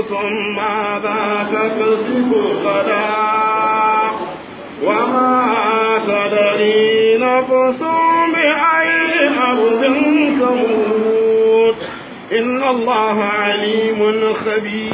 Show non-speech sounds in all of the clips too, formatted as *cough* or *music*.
نفوس ماذا تكسب غدا وما تدري نفس بأي أرض تموت إن الله عليم خبير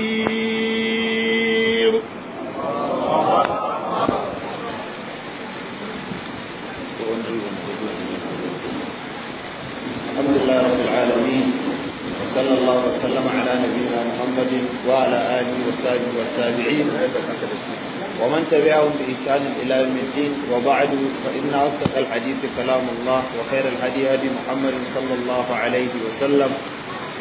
وعلى آله وصحبه والتابعين ومن تبعهم بإحسان إلى يوم الدين وبعد فإن أصدق الحديث كلام الله وخير الهدي هدي محمد صلى الله عليه وسلم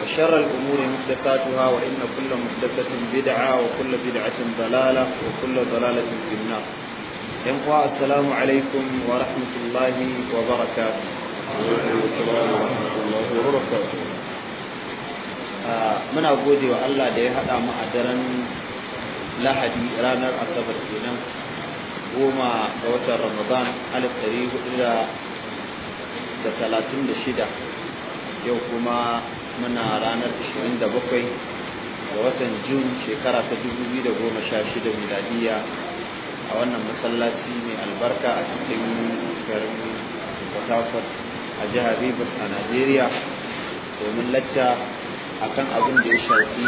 وشر الأمور محدثاتها وإن كل محدثة بدعة وكل بدعة ضلالة وكل ضلالة في النار ينقوى السلام عليكم ورحمة الله وبركاته وعليكم السلام ورحمة الله وبركاته muna gode wa Allah da ya haɗa mu a daren lahadi ranar asabar kenan goma ga watan ramadan alif ɗari hudu da talatin da shida yau kuma muna ranar ashirin da bakwai ga watan jun shekara ta dubu biyu da goma sha shida miladiya a wannan masallaci mai albarka a cikin garin port a jihar rivers a najeriya domin lacca akan abin da ya shafi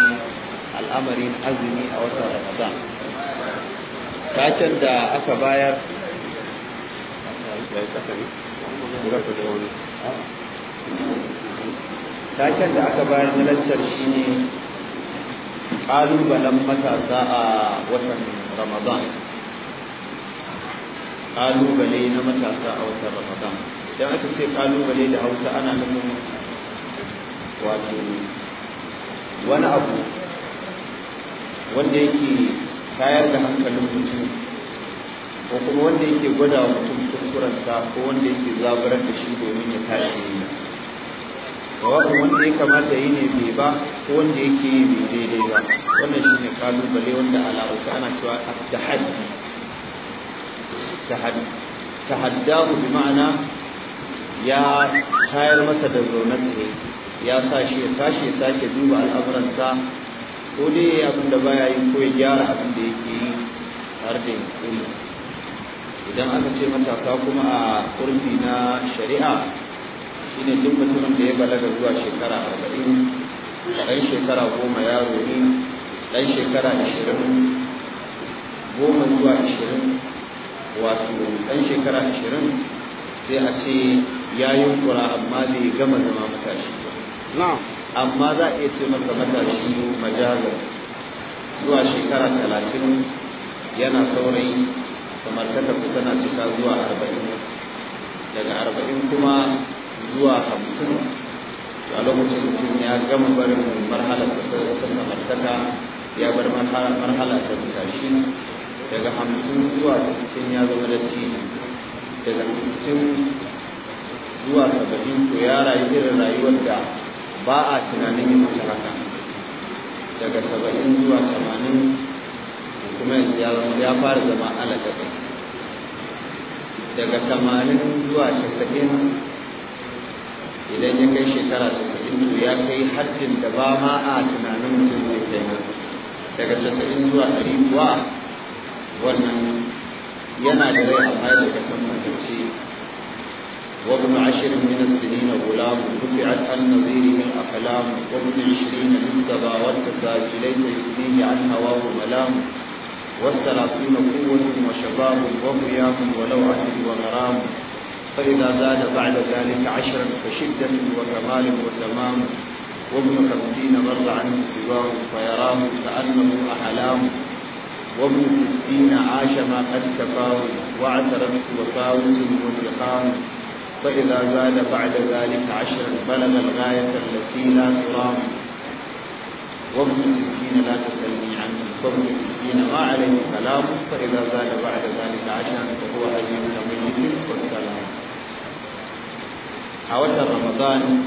al'amarin azumi a watan ramadan sacen da aka bayar sacen da aka bayar na lantar shi ne ƙalubalen matasa a watan ramadan ƙalubale na matasa a watan ramadan idan aka ce ƙalubale da hausa ana nufin wato wani abu wanda yake tayar da hankalin mutum ko kuma wanda yake gwada mutum kuskurensa ko wanda yake zaburar da shi domin ya tashi yi wani wanda ya kamata yi ne bai ba ko wanda yake yi bai daidai ba wannan shi ne kalubale wanda al'auka ana cewa tahaddi tahaddahu bi ma'ana ya tayar masa da zaunar da yake ya sa shi ya tashi ya sake duba al'amuransa ko dai ya abin da baya yi ko ya gyara abin da yake yi har da ya idan aka ce matasa kuma a ƙurfi na shari'a shine duk mutumin da ya balaga zuwa shekara arba'in ɗan shekara goma yaro ne ɗan shekara ashirin goma zuwa ashirin wato ɗan shekara ashirin sai a ce ya yunkura amma bai gama zama matashi amma za a iya ce masa matashi majalar zuwa shekara talatin yana saurayi samartaka su tana cika zuwa arba'in daga arba'in kuma zuwa hamsin a lokacin mutum ya gama barin marhala ta samartaka ya bar marhala ta matashi daga hamsin zuwa sittin ya zama dattijo daga sittin zuwa saba'in ko ya rayu irin rayuwar da ba a tunanin yin wata haka daga saba'in zuwa tamanin kuma yanzu ya zama ya fara zama alaƙaƙa daga tamanin zuwa casa'in idan ya kai shekara casa'in to ya kai haddin da ba ma a tunanin mutum zai kai daga casa'in zuwa ɗari kuwa wannan yana da rai amma daga kan mutunci وابن عشر من السنين غلام رفعت عن نظيره الأحلام وابن عشرين للسبا والتساج ليس يثنيه عن هواه ملام والثلاثين قوة وشباب وقيام ولوعة وغرام فإذا زاد بعد ذلك عشرا فشدة وكمال وتمام وابن خمسين مر عنه سواه فيراه كأنه أحلام وابن ستين عاش ما قد كفاه واعترفت وساوس وانتقام فإذا زاد بعد ذلك عشرا بلغ الغاية التي لا ترام وابن السكين لا تسلمي عنه وابن السكين ما عليه كلام فإذا زاد بعد ذلك عشرا فهو حليم لم يزل والسلام حوالي آه، رمضان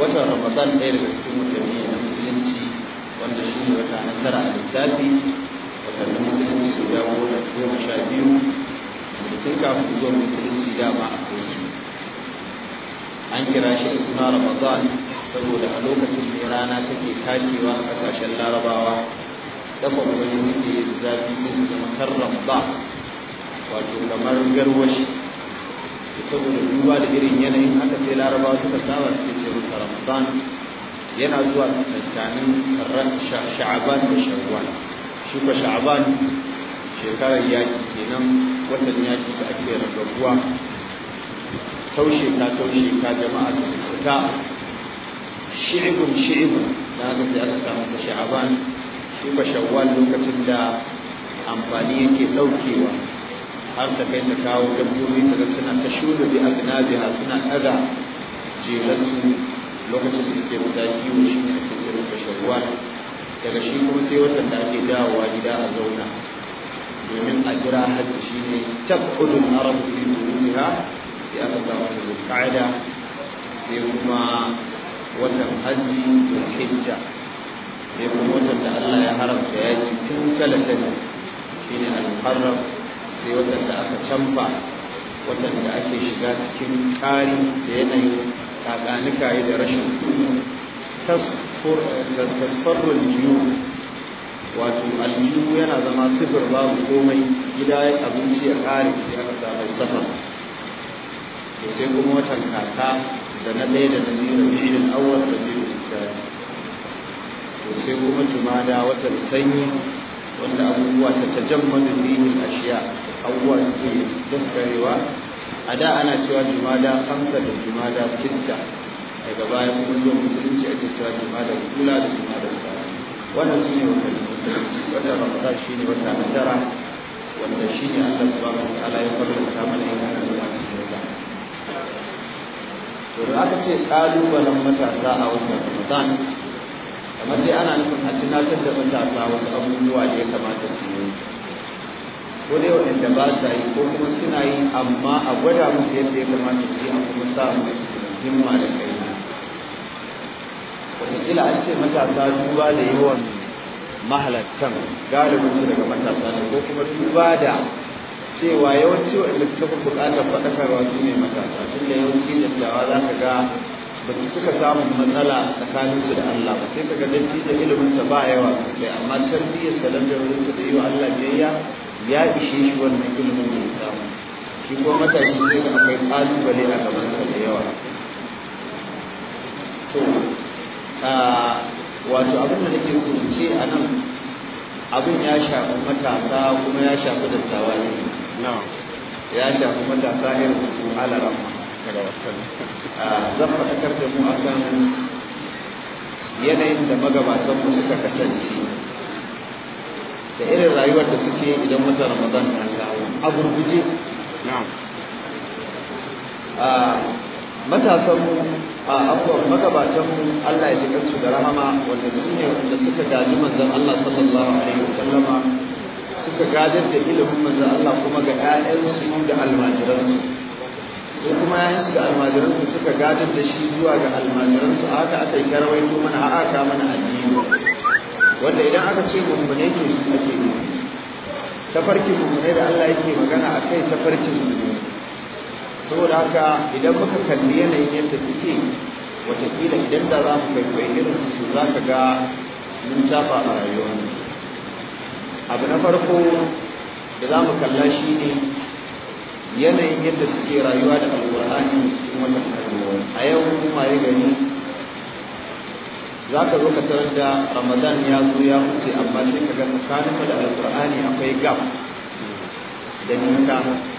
وتر رمضان غير السنة هي المسلمة وأن الشيء ترى على الزاد وكان المسلمة يداوون فيهم tun kafin zuwa musulunci dama akwai su an kira shi da suna ramadan saboda a lokacin da rana take takewa a kasashen larabawa dafa wani suke yin zafi ko su zama karram ba. wato kamar garwashi saboda duba da irin yanayin haka sai larabawa suka saba suke ce musa ramadan yana zuwa ran sha'aban da shawwal shi ko sha'aban shekarar yaki kenan watan yaki da ake rarrabuwa taushe ta taushe ta jama'a su fita shi'ibun shi'ibun da haka sai aka samu ta sha'aban shi ba shawwal lokacin da amfani yake daukewa har ta kai ta kawo dabbobi daga suna ta shudu bi agnabiha suna daga jelarsu lokacin da suke guda kiwo shi ne ake cire ta shawwal daga shi kuma sai watan da ake dawowa gida a zauna jira hajji shine tabudul arabu fi qulubiha sai aka ga wata zulqa'ida sai kuma watan hajji da hijja sai kuma watan da Allah ya haramta yaki tun talatali shine al-muharram sai watan da aka canfa watan da ake shiga cikin ƙari da yanayin kakanika da rashin tasfarrul jiyu wato aljihu yana zama sifir babu komai gida ya abinci ya kare sai aka samu safar to sai kuma watan kaka da na ɗaya da na biyu da biyu da awwal da biyu da shaya to sai kuma jumada watan sanyi wanda abubuwa ta tajammadu bihi ashiya abubuwa suke daskarewa a da ana cewa jumada hamsa da jumada fitta daga baya kuma zuwa musulunci ake cewa jumada kula da jumada tsara wannan shine wata wata ramadan shine wata tara wanda shine Allah subhanahu wataala ya ta mana yin haka zuwa cikin sa to da aka ce kalubalen matasa a wannan ramadan kamar dai ana nufin a tunatar da matasa wasu abubuwa da ya kamata su yi ko dai waɗanda ba sa yi ko kuma suna yi amma a gwada musu yadda ya kamata su yi a kuma sa musu himma da kai wataƙila an ce matasa duba da yawan mahalattan galibin su daga matasa ne ko kuma duba da cewa yawanci waɗanda suka fi buƙatar faɗakarwa su ne matasa tun da yawanci dattawa za ka ga ba su suka samun matsala tsakanin su da Allah ba sai ka ga dattijo ilimin sa ba yawa sosai amma tarbiyyar sa da wurin su da yi wa Allah biyayya ya ishe shi wannan ilimin da ya samu shi ko matashi sai akwai ƙalubale a gaban sa da yawa to wato abin da nake hukunce a nan abin ya shafi matasa kuma ya shafi dattawa ne ya shafi matasa irin su alaram zan faɗakar da mu akan yanayin da magabatanmu suka kasance da irin rayuwar da suke idan wata ramadan na kawo a gurguje matasanmu a abubuwan magabatanmu Allah ya shiga su da rahama wanda su ne wanda suka gaji manzan Allah sallallahu alaihi wasallama suka gajar da ilimin manzan Allah kuma ga 'ya'yansu da almajiransu sai kuma su da almajiransu suka gajar da shi zuwa ga almajiransu a haka aka yi kuma mana haka mana addini wanda idan aka ce mummune ke ake yi tafarkin mummune da Allah yake magana a kai farkin su saboda haka idan muka kalli yanayin yadda suke watakila idan da za mu kwaikwayi irin su za ka ga mun shafa a rayuwa? abu na farko da za mu kalla shi ne yanayin yadda suke rayuwa da alƙur'ani sun wannan alƙur'ani a yau kuma ya gani za ka zo ka tarar da ramadan ya zo ya wuce amma sai ka ga tsakaninmu da alƙur'ani akwai gam da nisa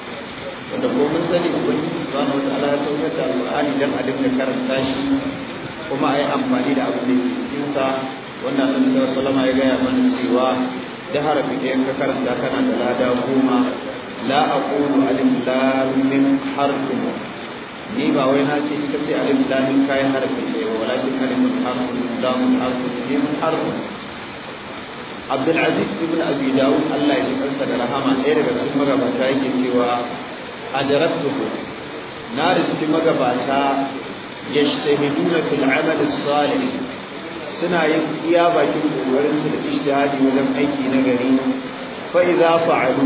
wanda ko mun sani ubangiji subhanahu wataala ya saukar da alqur'ani dan a dinga karanta shi kuma a yi amfani da abu da ke cikin sa wannan annabi sallallahu alaihi ya gaya mana cewa da harafi da yanka karanta kana da lada goma la aqulu alif lam mim harfun ni ba wai na ce ita ce alif lam mim kai harfi ne walakin alif harfun harfin harfun mim harfun Abdul Aziz ibn Abi Dawud Allah ya ji kansa da rahama ɗaya daga cikin magabata yake cewa adraktuhu na riski magabata yajtahiduna fil amal salih suna yin iya bakin kokarin su da ijtihadi wajen aiki na gari fa idza fa'alu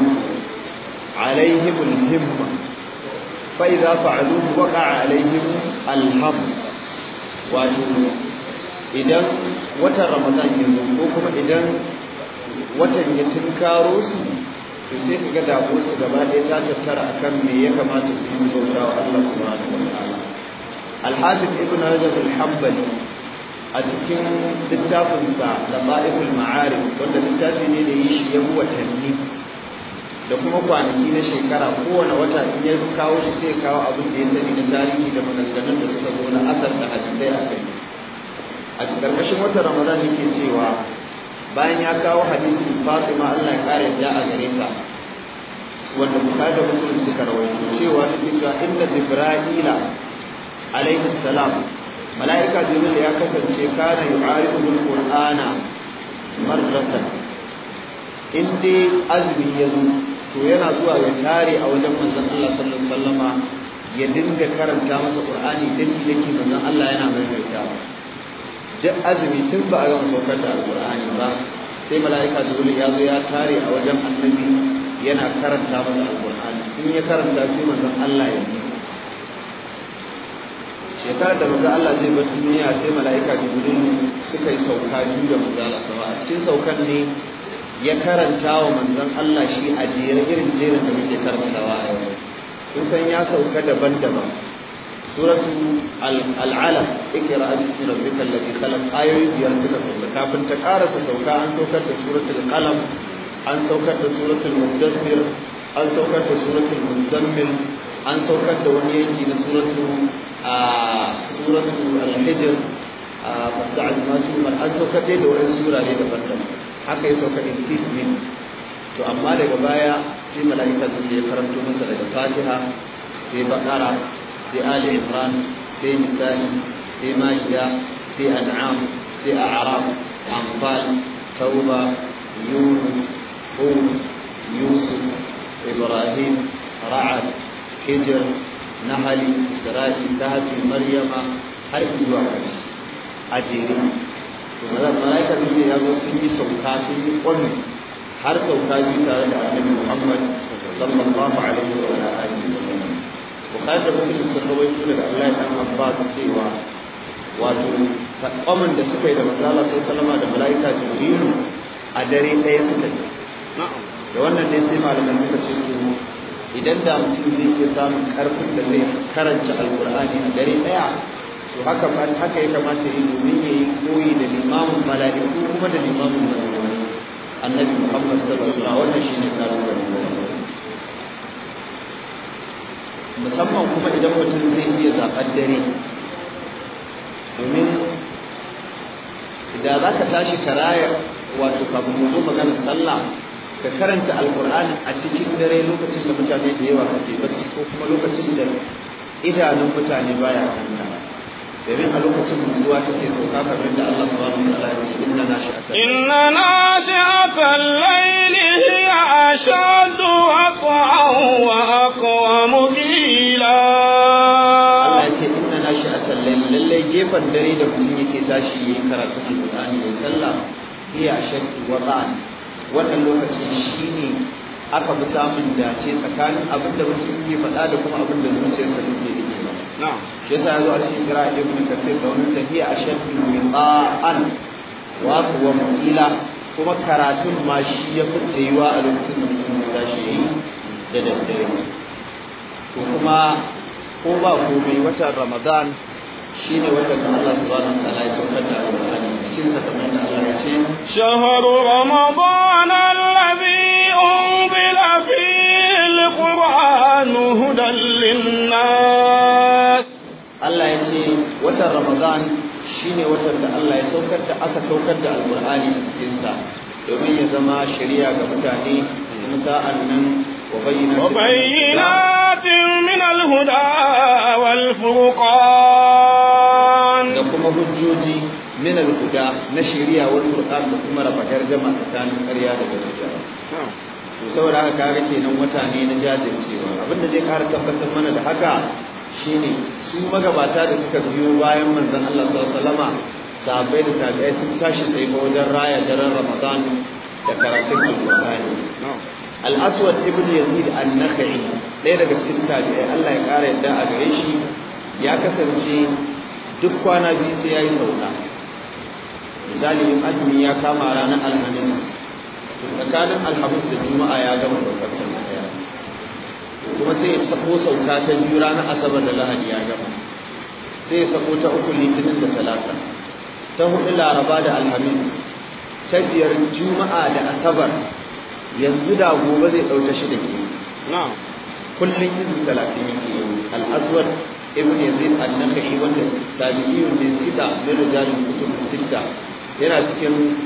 alaihim al-himma fa idza fa'alu waqa alaihim al-ham idan watan ko kuma idan watan ya tunkaro to sai ka ga damuwarsu gaba ɗaya ta tattara akan me ya kamata su yi bauta wa Allah subhanahu wa ta'ala Al-Hafiz Ibn Rajab al hambali a cikin littafinsa da Ba'iful Ma'arif wanda littafi ne da yi shi ya watanni da kuma kwanaki na shekara kowane wata in ya kawo shi sai kawo abin da ya sani na tarihi da maganganun da suka zo na asar da hadisai a kai a ƙarƙashin wata Ramadan yake cewa bayan ya kawo hadisin Fatima Allah ya kare da a gare ta wanda Bukhari da Muslim suka rawaito cewa take cewa inda Jibra'ila alaihi salam mala'ika Jibril ya kasance kana yu'arifu al-Qur'ana marratan in dai azumi ya zo to yana zuwa ya tare a wajen manzon Allah sallallahu alaihi wasallama ya dinga karanta masa Qur'ani dake dake manzon Allah yana maimaitawa duk azumi tun ba a gama saukar da alqur'ani ba sai mala'ika jibril ya zo ya tare a wajen annabi yana karanta masa alqur'ani in ya karanta sai manzon Allah ya yi shekarar da manzon Allah zai bar duniya sai mala'ika jibril suka yi sauka biyu da manzon Allah sama a cikin saukan ne ya karanta wa manzon Allah shi a jere irin jerin da muke karantawa a yau kun san ya sauka daban-daban suratu al'alam ikra bismi rabbikal ladhi khalaq ayoyi biyar suka sauka kafin ta ƙara ta sauka an saukar da suratul qalam an saukar da suratul mudaththir an saukar da suratul muzammil da suratu suratu al-hijr fasta'al ma tumar an saukar da wani sura daban-daban haka ya saukar in to amma daga baya sai mala'ika sun ya karanto masa daga fatiha sai bakara في آل عمران في مثال في ماجدة في أنعام في أعراب أنفال توبة يونس هود يوسف إبراهيم رعد حجر نحل إسرائيل ذهب مريم هاي كل واحد أجيرين ماذا ملايكة بيجي يقول سيدي سوكاتي قلني هر سوكاتي تعالى محمد صلى الله عليه وآله وسلم bukhari da muslim sun da daga Allah ya ba su cewa wato kwamin da suka yi da matsala sai salama da malaika jibrilu a dare ɗaya suka yi da wannan ne sai malaman suka ce idan da mutum zai iya samun karfin da zai karanta alkur'ani a dare ɗaya to haka haka ya kamata yi domin ya yi koyi da limamin mala'iku kuma da limamin mala'iku annabi muhammad sallallahu alaihi wasallam wannan shine karin musamman kuma idan mutum zai iya zaɓar dare domin idan za ka tashi karaya wato kafin mu zo maganar sallah ka karanta alkur'ani a cikin dare lokacin da mutane da yawa kake barci ko kuma lokacin da idanun mutane baya kanta domin a lokacin mutuwa take sauka kamar da Allah subhanahu wa ta'ala ya ce inna nashi'atal inna nashi'atal layli hiya ashadu aqwa wa aqwamu qila Allah ya ce inna nashi'atal layli lalle gefen dare da mutum yake tashi yayin karatu Qur'ani da sallah hiya ashadu wa qan wannan lokacin shine aka fi samun dace tsakanin abin da mutum yake faɗa da kuma abin da zuciyarsa take yi shi yasa zo a cikin kira ibn kasir da wani tafiya a shafi miqa'an wa huwa mu'ila kuma karatun ma shi ya fitta yiwa a lokacin da mutum ya shi da daddare Ko kuma ko ba komai watan ramadan shi ne watan da Allah subhanahu wa ta'ala ya da cikin ya ce watan ramadan shine watan da Allah ya saukar da aka saukar da alqur'ani cikinsa domin ya zama shari'a ga mutane sa'an nan wa bayyinatin min alhuda wal furqan da kuma hujjoji min alhuda na shari'a wal furqan da kuma raba gargama tsakanin ƙarya da gaskiya to saboda haka kaga kenan watane na jajircewa abinda zai kara tabbatar mana da haka shine su magabata da suka biyo bayan manzon Allah sallallahu sahabbai da tabi'ai sun tashi sai ba wajen raya daren Ramadan da karatun qurani al ibn Yazid an ɗaya daga cikin tabi'ai Allah ya kara yadda a gare shi ya kasance duk kwana biyu sai yayi sauka misali in azumi ya kama ranar Alhamis tsakanin Alhamis da Juma'a ya gama saukar daya. kuma sai ya sako sauka ta biyu ranar asabar da lahadi ya gama sai ya sako ta uku litinin da talata ta hudu laraba da alhamis ta biyar juma'a da asabar yanzu da gobe zai ɗauta shi da ke kullum izu talatin yake yi al'aswar ibn yazid an wanda tabi'iyun ne sita min rijalin kutub sita yana cikin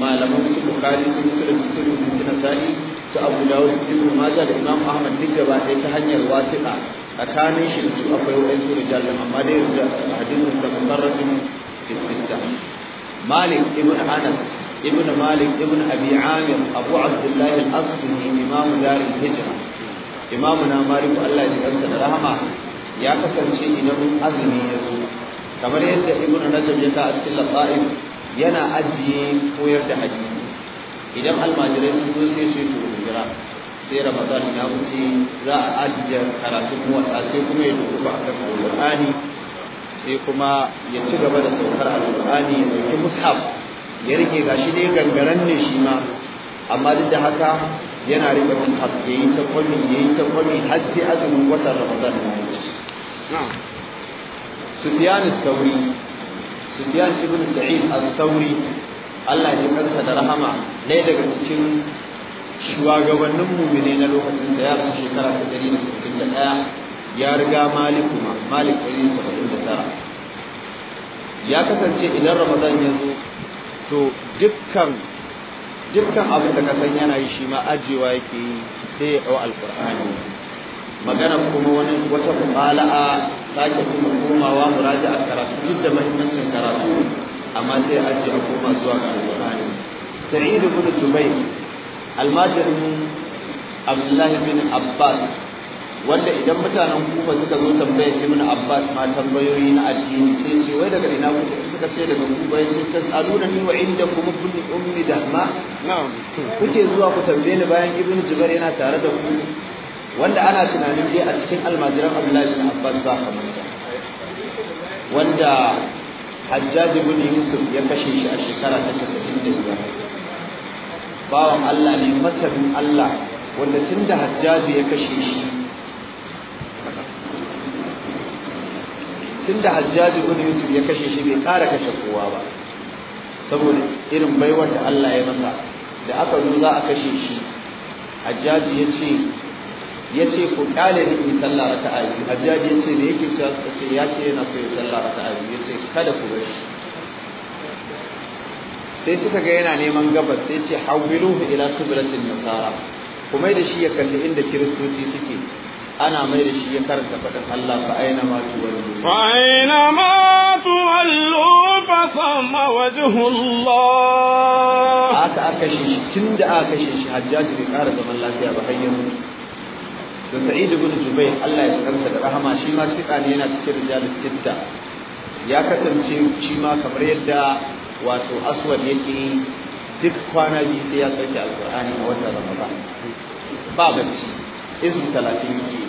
malaman su bukhari su muslim cikin rubutu na sa'i su abu da su ibn maza da imam ahmad duk gaba ɗaya ta hanyar wasiƙa tsakanin shi su akwai da rijal amma dai da hadisin da mutarrafin fi malik ibn anas ibn malik ibn abi amir abu abdullahi al-asfini imam dar al-hijra imamu na malik Allah ya kansa da rahama ya kasance idan azumi ya zo kamar yadda ibn rajab ya ta a cikin lafa'in yana ajiye koyar da hadisi idan almajirai sun zo sai ce to jira sai ramadan ya wuce za a ajiye karatun A sai kuma ya dubi ba akan qurani sai kuma ya ci gaba da saukar alqur'ani ya dauki mushaf ya rike gashi dai gangaren ne shi ma amma duk da haka yana rike mushaf yi ta kwami yi ta kwami har sai azumin watan ramadan ya wuce سفيان الثوري سفيان بن سعيد الثوري Allah ya karsa da rahama ɗaya daga cikin shugabannin mumine na lokacin da ya su shekara ta ɗari da da ɗaya ya riga maliku ma malik ɗari da tara ya kasance idan ramadan ya zo to dukkan dukkan abin da ka san yana yi shi ma ajewa yake yi sai ya ɗau alƙur'ani magana kuma wani wata mubala'a sake kuma komawa a karatu duk da mahimmancin karatu amma sai a ce a koma zuwa ga alƙur'ani sa'id ibn jubayr almajirin abdullahi bin abbas wanda idan mutanen kufa suka zo shi ibn abbas ma tambayoyi na addini sai ce wai daga ina kuka suka ce daga kufa ya ce tas'aluna ni wa inda kuma kulli ummi dahma kuke zuwa ku tambaye ni bayan ibnu jubair yana tare da ku wanda ana tunanin dai a cikin almajiran abdullahi bin abbas ba kamar sa wanda hajjaj ibn yusuf ya kashe shi a shekara ta 95 bawan Allah ne matabin Allah wanda tunda hajjaj ya kashe shi tunda hajjaj ibn yusuf ya kashe shi bai kara kashe kowa ba saboda irin baiwar da Allah ya masa da aka zo za a kashe shi hajjaj ya ce ya ce ku kyale ni in sallah raka'a biyu hajjaji ya ce me yake cewa suka ce ya ce yana so ya sallah raka'a ya ce kada ku bar sai suka ga yana neman gabas sai ce hawiluhu ila qiblatin nasara kuma da shi ya kalli inda kiristoci suke ana mai da shi ya karanta fadin Allah fa aina ma tuwallu fa aina ma tuwallu fa sama wajhu Allah aka aka shi tunda aka shi hajjaji bai kara zaman lafiya ba har mutu. da sa'id ibn jubayr Allah ya tsaranta da rahama shi ma fiqa ne yana cikin rijalul sitta ya kasance shi ma kamar yadda wato aswad yake duk kwana biyu sai ya sauke alqur'ani a watan ramadan ba bacci izu 30 yake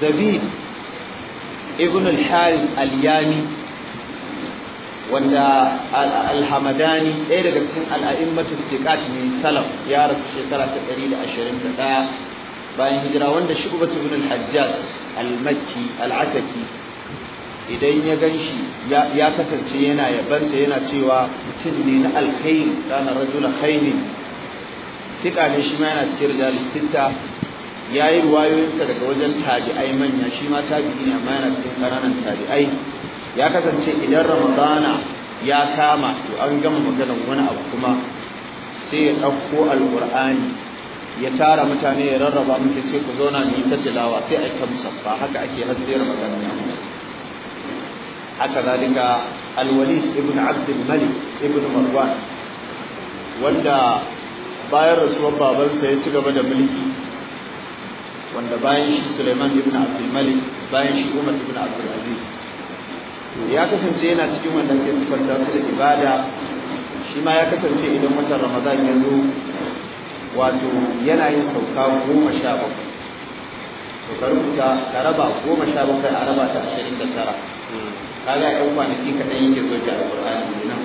zabid ibn al-harith al-yami wanda alhamadani ɗaya daga cikin al'adun fiqat ne salaf ya rasu shekara ta ɗaya, bayan hijira wanda shubbat ibn al-hajjaj al-makki al-ataki idan ya ganshi ya kasance yana yabansa yana cewa mutum ne na alkhair kana rajul khair fiqa ne shi ma yana cikin rijal sitta yayi ruwayoyinsa daga wajen tabi'ai manya shi ma tabi'i ne amma yana cikin ƙananan tabi'ai ya kasance idan ramadana ya kama to an gama maganar wani abu kuma sai ya ɗauko alƙur'ani ya tara mutane ya rarraba muke ce ku zauna na ta tilawa sai a ta musaffa haka ake hasiyar maganar ya haka zalika alwalid ibn abd malik ibn marwan wanda bayan rasuwar babansa ya ci gaba da mulki wanda bayan shi Suleiman ibn Abdul Malik bayan shi Umar ibn Abdul Aziz ya kasance yana cikin wannan sai sifanta su da ibada shi ma ya kasance idan watan ramadan ya zo wato yana yin sauka goma sha bakwai to rubuta ka raba goma sha bakwai a raba ta ashirin da tara kaga yan kwanaki kaɗan yake soke alƙur'ani nan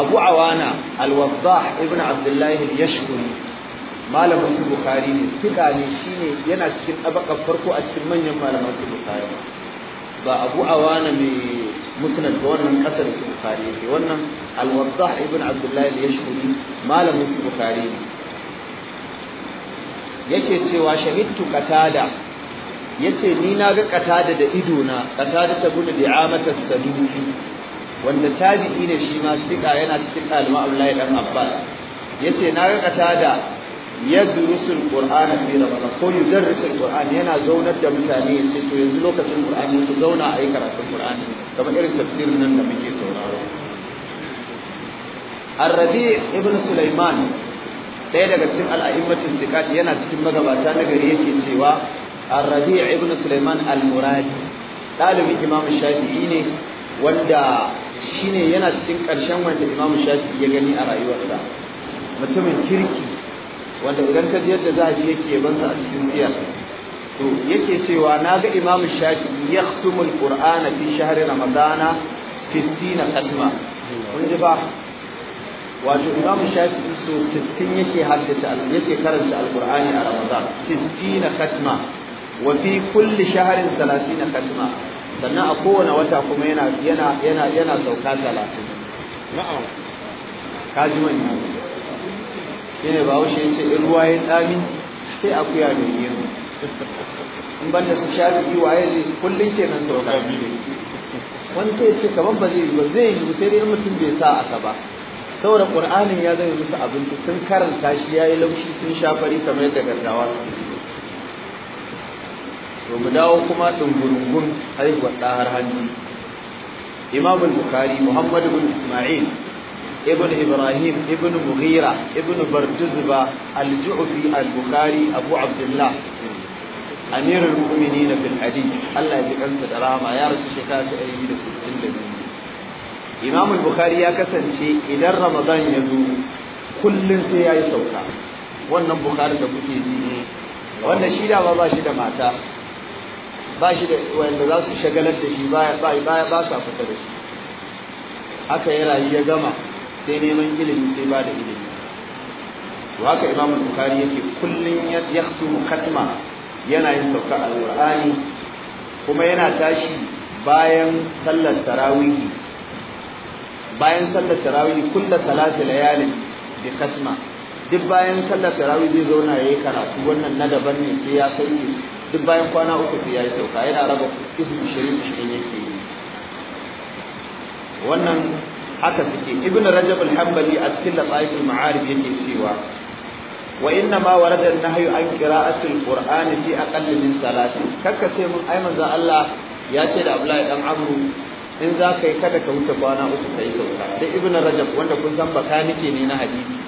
abu awana alwabbah ibn abdullah al-yashkuri malamin su bukari ne tuka ne shine yana cikin tabakar farko a cikin manyan malaman su bukari ba abu awana mai musnad ba wannan kasar su bukari yake wannan al ibn abdullahi da al-yashkuri malamin su bukari ne yake cewa shahidtu qatada yace ni na ga qatada da ido na qatada ta gudu da amata saduki wanda tabi'i ne shi ma sika yana cikin alma Abdullahi dan Abbas yace na ga qatada yadrusul qur'ana fi ramadan ko yudarrisul qur'an yana zaunar da mutane ya to yanzu lokacin qur'ani ku zauna a yi karatun qur'ani kamar irin tafsirin nan da muke sauraro Ar-Rabi ibn Sulaiman ɗaya daga cikin al'a'immatin sikat yana cikin magabata na gari yake cewa Ar-Rabi ibn Sulaiman al-Muradi dalibi Imam Shafi'i ne wanda shine yana cikin ƙarshen wanda Imam Shafi'i ya gani a rayuwarsa mutumin kirki wanda idan ka yadda za a ji yake yabansa a cikin jiya to yake cewa na ga imam shafi ya khtumul qur'ana fi shahri ramadana 60 qatma kun ji ba wato imam shafi so 60 yake haddace yake karanta alqur'ani a ramadan 60 qatma wa fi kulli shahrin 30 qatma sannan a kowane wata kuma yana yana yana yana sauka 30 na'am kaji wannan shine bahaushe ya ce in ruwa ya tsami sai akuya mai gero in ban da su shafi yi waye zai kullum kenan sau ka wani sai ce kamar ba zai yi ba zai yi sai dai mutum bai sa aka ba saboda qur'anin ya zai musu abinci tun karanta shi ya yi laushi sun sha fari kamar yadda gargawa to mu dawo kuma dungurungun haihuwar ɗahar hanji imam bukari bukhari muhammad isma'il ibn ibrahim ibn mughira ibn barduzba al-ju'fi al-bukhari abu abdullah amirul mu'minin fil hadith Allah ya ji da rama, ya rasu shekara ta 162 Imam al-Bukhari ya kasance idan Ramadan ya zo kullum sai yayi sauka wannan Bukhari da kuke ji ne wanda shi da ba shi da mata ba shi shagalar da shi ba ba ba da shi Haka ya rayu ya gama sai neman ilimi sai ba da ilimi to haka imam bukhari yake kullun ya katma yana yin sauka alqur'ani kuma yana tashi bayan sallar tarawih bayan sallar tarawih kullu salati layalin bi katma duk bayan sallar tarawih zai zauna yayi karatu wannan na daban ne sai ya sauke duk bayan kwana uku sai yayi sauka yana raba ismi shirin shirin yake wannan haka suke ibn rajab al-hanbali a cikin lataif al-ma'arib yake cewa wa inna ma warada an-nahyu an qira'ati al-qur'an fi aqall min salati ka ce mun ai manzo Allah ya ce da Abdullahi dan Amru in za ka yi kada ka wuce kwana uku kai sauka sai rajab wanda kun san baka nake ne na hadisi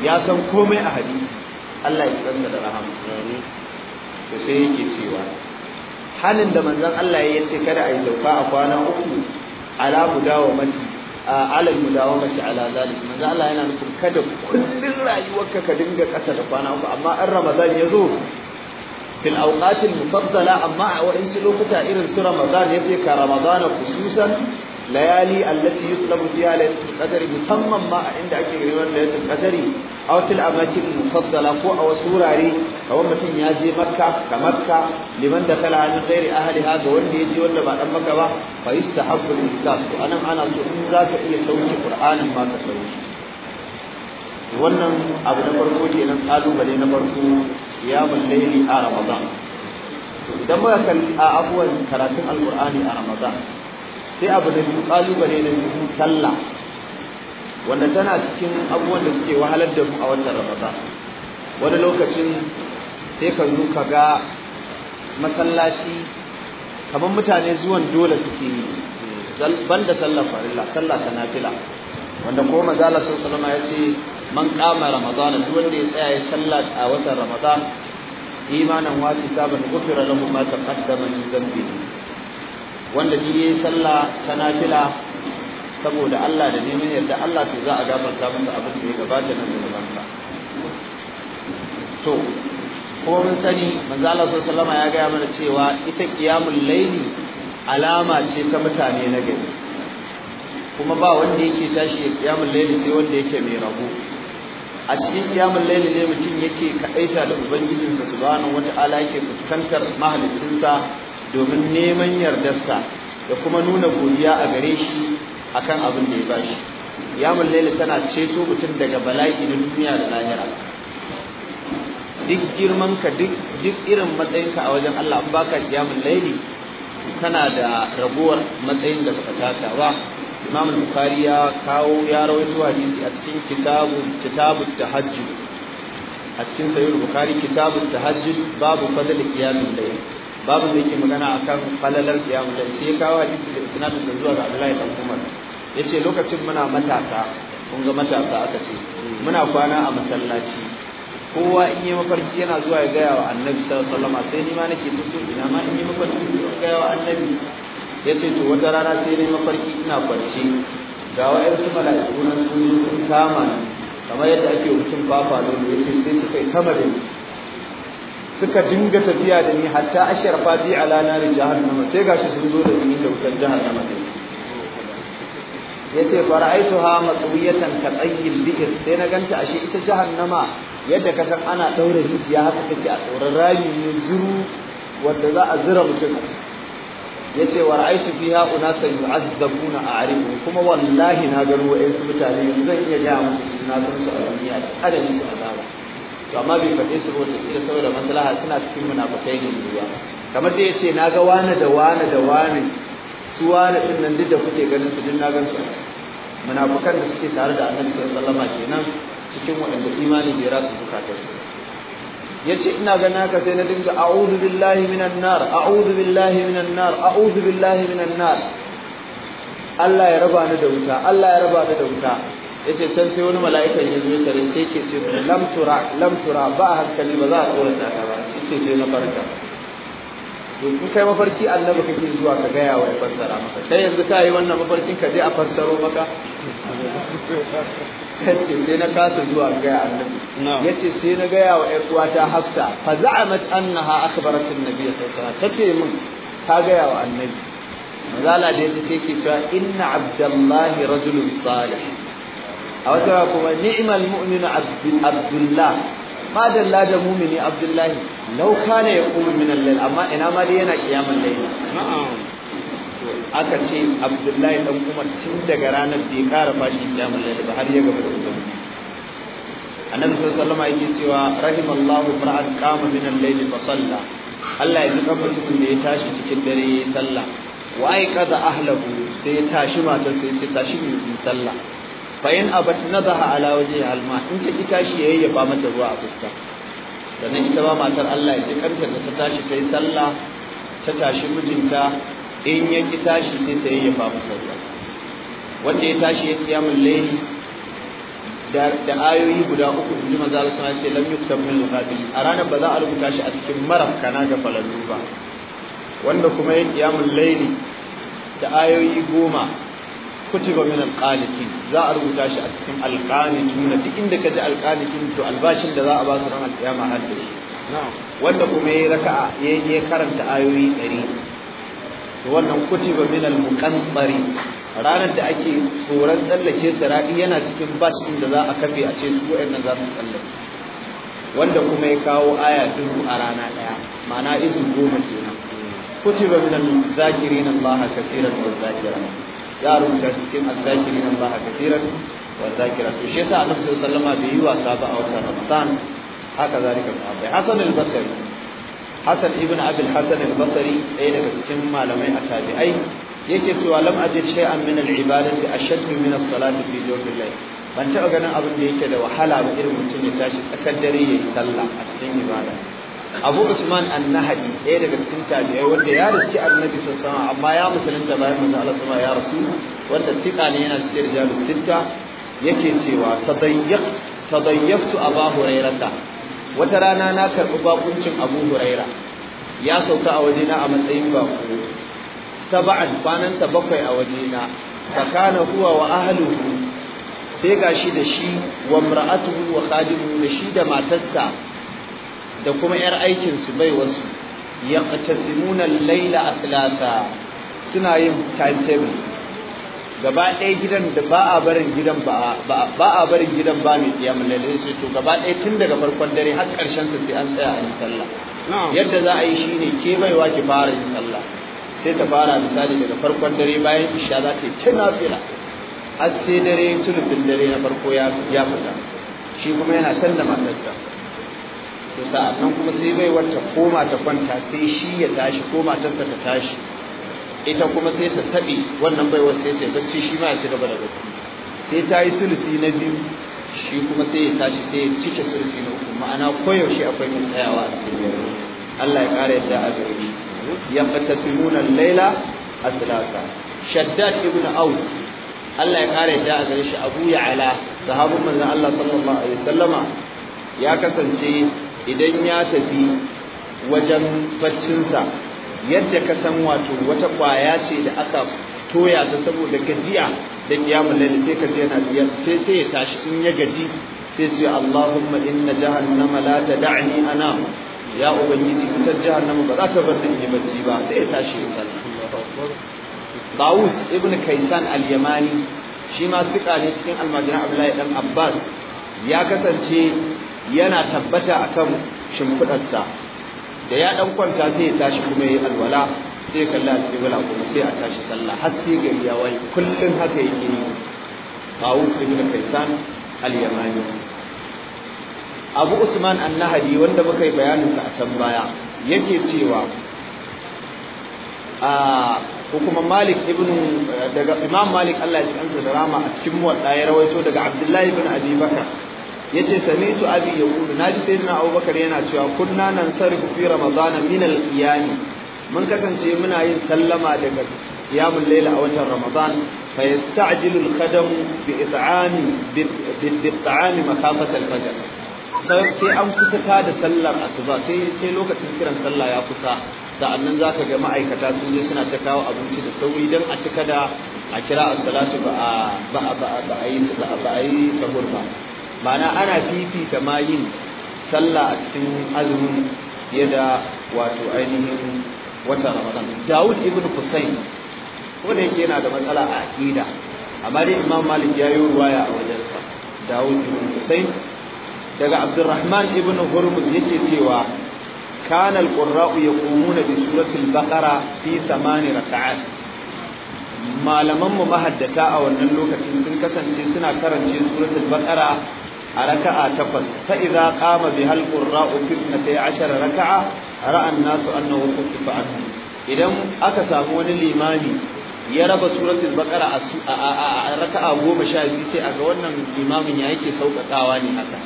ya san komai a hadisi Allah ya tsanda da rahama to sai yake cewa halin da manzon Allah ya ce kada a yi sauka a kwana uku ala mudawamati alal mudawamati ala zalik manzo Allah yana nufin kada kullun rayuwarka ka dinga kasa da kwana uku amma in ramadan ya zo fil awqatil mufaddala amma a waɗansu lokuta irin su ramadan yace ka ramadana khususan layali allati yutlabu fiha laylatul qadri musamman ma a inda ake riwayar laylatul qadri a wasu amakin mufaddala ko a wasu wurare kamar mutum ya je makka ka makka liman da kala an ghairi ahliha ga wanda ya je wanda ba dan makka ba fa yustahabbu al-ikas to anan ana so in za ka iya sauki qur'anin ma ka sauki wannan abu na farko kenan kalubale na farko qiyamul layli a ramadan idan muka kalli a abuwan karatun alqur'ani a ramadan sai abu da biyu kalubale na biyu sallah wanda tana cikin abubuwan da suke wahalar da mu a wannan ramadan wani lokacin sai ka zo ka ga masallaci kamar mutane zuwan dole suke yi banda sallar farilla sallah ta nafila wanda ko mazala sun salama ya ce man kama ramadana duk wanda ya tsaya ya sallah a watan ramadan imanan wasu sabon gufira lahu ma taqaddama zambi ne wanda ya yayi sallah ta nafila saboda Allah da neman yarda Allah to za a gafarta masa abin da ya gabata nan da sa to kuma mun sani manzo Allah sallallahu ya gaya mana cewa ita qiyamul layli alama ce ta mutane na gari kuma ba wanda yake tashi qiyamul layli sai wanda yake mai rabo a cikin qiyamul layli ne mutum yake kaɗaita da ubangijinsa subhanahu wata'ala yake fuskantar mahaliccinsa domin neman yardarsa da kuma nuna godiya a gare shi akan abin da ya bashi qiyamul layl tana ceto mutum daga bala'i na duniya da lahira duk girman ka duk irin matsayinka a wajen Allah in baka qiyamul layl kana da rabuwar matsayin da baka taka ba Imam Bukhari ya kawo ya rawaito hadisi a cikin kitabu kitabu tahajjud a cikin Sayyid Bukhari kitabu tahajjud babu fadl qiyamul layl babu da yake magana a kan falalar qiyamul layl sai kawo hadisi da sinadun da zuwa ga Abdullahi dan Umar ce lokacin muna matasa kun ga matasa aka ce muna kwana a masallaci kowa in yi mafarki yana zuwa ya gaya wa annabi sallallahu alaihi wasallam sai ni ma nake so ina ma in yi mafarki ya gaya wa annabi Ya ce to wata rana sai ni mafarki ina kwance ga wa'ansu mala'iku nan sun kama kamar yadda ake mutum fafa ya ce sai suka yi kama da ni suka dinga tafiya da ni hatta a bi ala nar jahannam sai gashi sun zo da ni da wutar su yace fara'aituha matwiyatan ka tsayyil bikin sai na ganta ashe ita jihar jahannama yadda ka san ana daure rijiya haka take a tsoron rayu ne zuru wanda za a zira mutum yace wara'aitu fiha unasan yu'azzabuna a'rifu kuma wallahi na gano wa'ansu mutane zan iya ga muku na san su a duniya da adadin su azaba to amma bai faɗe su ba da saboda maslaha suna cikin munafukai ne ruwa kamar da yace na ga wane da wani da wani su wani din nan duk da kuke ganin su din na gan su munafukan da suke tare da annabi sallallahu alaihi kenan cikin waɗanda imani bai rasu su yace ina ganin naka sai na dinga a'udhu billahi minan nar a'udhu billahi minan nar a'udhu billahi minan nar Allah ya raba ni da wuta Allah ya raba ni da wuta yace can sai wani mala'ikan ya zo tare sai ke ce lam tura lam tura ba hankali ba za a tsora ta ba yace ce na farka to in kai mafarki annabi kake zuwa ka gaya wa ya fassara maka kai yanzu ka yi wannan mafarkin ka je a fassaro maka *laughs* kace sai na kasa zuwa gaya annabi yace sai na gaya wa ƴar ta Hafsa fa za'amat annaha akhbarat an-nabiy sallallahu alaihi wasallam tace min ta gaya wa annabi mazala da ke cewa inna abdullahi rajulun salih a wata kuma ni'mal mu'minu abdullah ma da lada mu'mini abdullahi law kana ya min minan layl amma ina ma dai yana qiyamul laifin aka ce abdullahi dan kuma tun daga ranar da ya kara fashi qiyamul laifin, ba har ya gaba da ubangiji annabi sallallahu alaihi wasallam yake cewa rahimallahu fara'at qama min al-layl fa salla Allah ya ji mutumin da ya tashi cikin dare ya sallah wa da ahlahu sai ya tashi matar sai ya tashi mutum sallah fa abat nadaha ala wajhi alma in ta ki tashi ba mata ruwa a fuska sannan ita ba matar Allah ya ji kanta da ta tashi ta yi sallah ta tashi mijinta in ya ki tashi sai ta ba masa ruwa wanda ya tashi ya mun layli da ayoyi guda uku inji manzo Allah ce lam yuktab min al-qabil a ranar ba za a rubuta shi a cikin maraf kana ga falalu ba wanda kuma ya mun layli da ayoyi goma kutiba min alqanitin za a rubuta shi a cikin na duk inda ka ji alqanitin to albashin da za a ba su ran alƙiyama har da shi wanda kuma ya raka'a ya ya karanta ayoyi 100 to wannan kutiba min almuqantari ranar da ake tsoron tsallake sarari yana cikin bashin da za a kafe a ce su wayannan za su tsallake wanda kuma ya kawo aya dubu a rana daya ma'ana izu goma kenan kutiba min alzakirin Allah kaseeran wa zakiran ya rubuta shi cikin azzakiri nan ba a kafiran wa zakira to shi yasa annabi sallallahu alaihi wasallam bai yi wasa ba a watan ramadan haka zalika sahabbai hasan al-basri hasan ibn abul hasan al-basri ɗaya daga cikin malamai a tabi'ai yake cewa lam ajid shay'an min al-ibadati ashadd min as-salati fi jawfil layl ban taɓa ganin abin da yake da wahala ba irin mutum ya tashi tsakar dare yayi sallah a cikin ibada Abu Usman An-Nahdi ɗaya daga cikin tabi'ai wanda ya riski Annabi sallallahu alaihi sama amma ya musulunta bayan manzo Allah sama ya rasu wanda tika ne yana cikin rijalus sitta yake cewa tadayyaq tadayyaftu Abu Hurairata wata rana na karɓi bakuncin Abu Huraira ya sauka a wajena a matsayin bako sab'an ta bakwai a wajena fakana huwa wa ahluhu sai gashi da shi wa mar'atuhu wa khadimu da shi da matarsa da kuma yar aikin su bai wasu ya tasimuna laila filasa suna yin timetable gaba ɗaya gidan da ba a barin gidan ba a barin gidan ba mai kiyamul lail sai to gaba ɗaya tun daga farkon dare har ƙarshen su sai an tsaya a yi sallah yadda za a yi shine ke baiwa ki fara yin sallah sai ta fara misali daga farkon dare bayan isha za ta yi ta nafila har sai dare sulufin dare na farko ya fita shi kuma yana sallama matarsa to sa'annan kuma sai bai wata koma ta kwanta sai shi ya tashi ko matarsa ta tashi ita kuma sai ta tabi wannan baiwar sai ta bacci shi ma ya ci gaba da bacci sai ta yi sulusi na biyu shi kuma sai ya tashi sai ya cike sulusi na uku ma'ana koyaushe akwai mai tsayawa a cikin Allah ya kare yadda a gare shi yaqtasimuna simunan laila aslasa shaddad ibn aus Allah ya kare yadda a gare shi Abu ya ala sahabban manzon Allah sallallahu alaihi wasallama ya kasance idan ya tafi wajen baccinsa yadda ka san wato wata kwaya ce da aka toya ta saboda gajiya da kiyamun lalle sai ka je yana sai sai ya tashi in ya gaji sai ce Allahumma inna jahannama la tad'ani ana ya ubangiji fitar jahannama ba za ta bar ni bacci ba sai ya tashi ya sallah Dawus ibn Kaysan al-Yamani shi ma suka ne cikin almajiran Abdullahi dan Abbas ya kasance yana tabbata akan shimfidarsa da ya dan kwanta sai ya tashi kuma ya yi alwala sai kalla sai wala kuma sai a tashi sallah har sai gari ya wai kullun haka yake yi Tawus ibn Kaysan al-Yamani Abu Usman An-Nahdi wanda muka yi bayanin a can baya yake cewa a Malik ibn daga Imam Malik Allah ya ji kansa da rama a cikin muwatta ya rawaito daga Abdullahi ibn Abi yace sami'tu abi yaqulu naji sayyidina abubakar yana cewa kunna nan sarifu fi ramadana min al mun kasance muna yin sallama daga qiyamul layl a watan ramadan fa yasta'jilu al qadam bi it'ami bi it'ami makhafat al fajr sai an kusa ta da sallar asuba sai sai lokacin kiran sallah ya kusa sa'annan zaka ga ma'aikata sun je suna ta kawo abinci da sauri dan a cika da a kira as-salatu ba a ba a ba a yi sahur ba ma'ana ana fifita ma yin sallah a cikin azumin fiye da wato ainihin watan ramadan dawud ibn husayn ko da yake yana da matsala a aqida amma dai imam malik ya yi ruwaya a wajensa dawud ibn husayn daga abdurrahman ibn hurmuz yake cewa كان القراء يقومون بسورة البقرة في ثمان ركعات malaman mu mahaddata a wannan lokacin sun kasance suna karanci suratul bakara a raka'a takwas fa idza qama bi hal qurra'u fi 12 raka'a ra'an nasu annahu kutifa anhu idan aka samu wani limami ya raba suratul baqara a raka'a 12 sai aga wannan limamin ya yake saukakawa ne haka